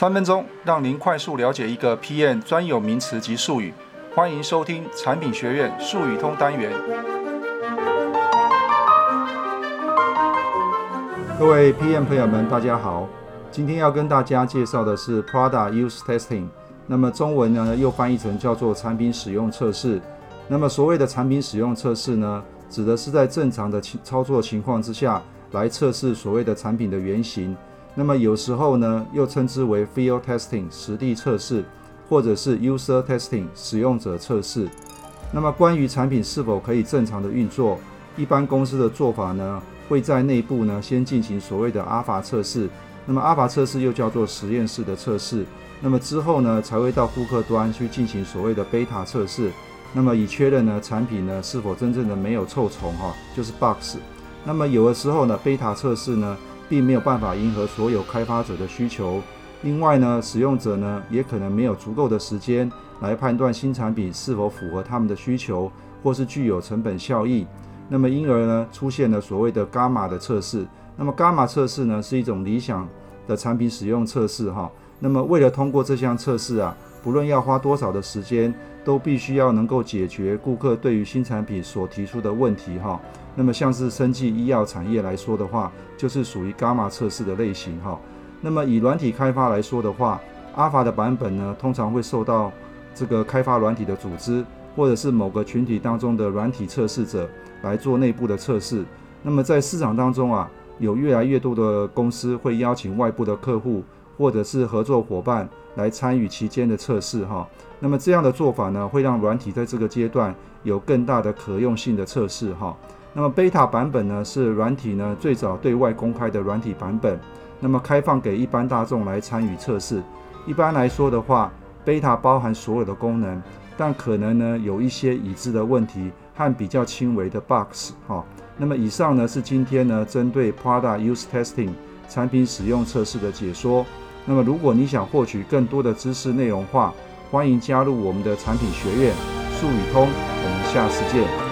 三分鐘讓您快速了解一個 PM 專有名詞及術語，歡迎收聽產品學院術語通單元。各位 PM 朋友們，大家好，今天要跟大家介紹的是 Product Use Testing，那麼中文呢又翻譯成叫做產品使用測試。那麼所謂的產品使用測試呢，指的是在正常的操作情況之下，來測試所謂的產品的原型。那麼有時候呢，又稱之為 field testing 實地測試，或者是 user testing 使用者測試。那麼關於產品是否可以正常的運作，一般公司的做法呢，會在內部呢先進行所謂的阿法測試。那麼阿法測試又叫做實驗室的測試。那麼之後呢，才會到顧客端去進行所謂的貝塔測試。那麼以確認呢，產品呢是否真正的沒有臭蟲哈，就是 bugs。那麼有的時候呢，貝塔測試呢。並沒有辦法迎合所有開發者的需求。另外呢，使用者呢也可能沒有足夠的時間來判斷新產品是否符合他們的需求，或是具有成本效益。那麼，因而呢出現了所謂的伽馬的測試。那麼，伽馬測試呢是一種理想的產品使用測試哈。那麼，為了通過這項測試啊。無論要花多少的時間，都必須要能夠解決顧客對於新產品所提出的問題。哈，那麼像是生技醫藥產業來說的話，就是屬於伽馬測試的類型。哈，那麼以軟體開發來說的話，阿法的版本呢，通常會受到這個開發軟體的組織或者是某個群體當中的軟體測試者來做內部的測試。那麼在市場當中啊，有越來越多的公司會邀請外部的客戶。或者是合作夥伴來參與其間的測試哈，那麼這樣的做法呢，會讓軟體在這個階段有更大的可用性的測試哈。那麼貝塔版本呢，是軟體呢最早對外公開的軟體版本，那麼開放給一般大眾來參與測試。一般來說的話，貝塔包含所有的功能，但可能呢有一些已知的問題和比較輕微的 bugs 哈。那麼以上呢是今天呢針對 Product Use Testing 產品使用測試的解說。那麼，如果你想獲取更多的知識內容話，歡迎加入我們的產品學院——術語通。我們下次見。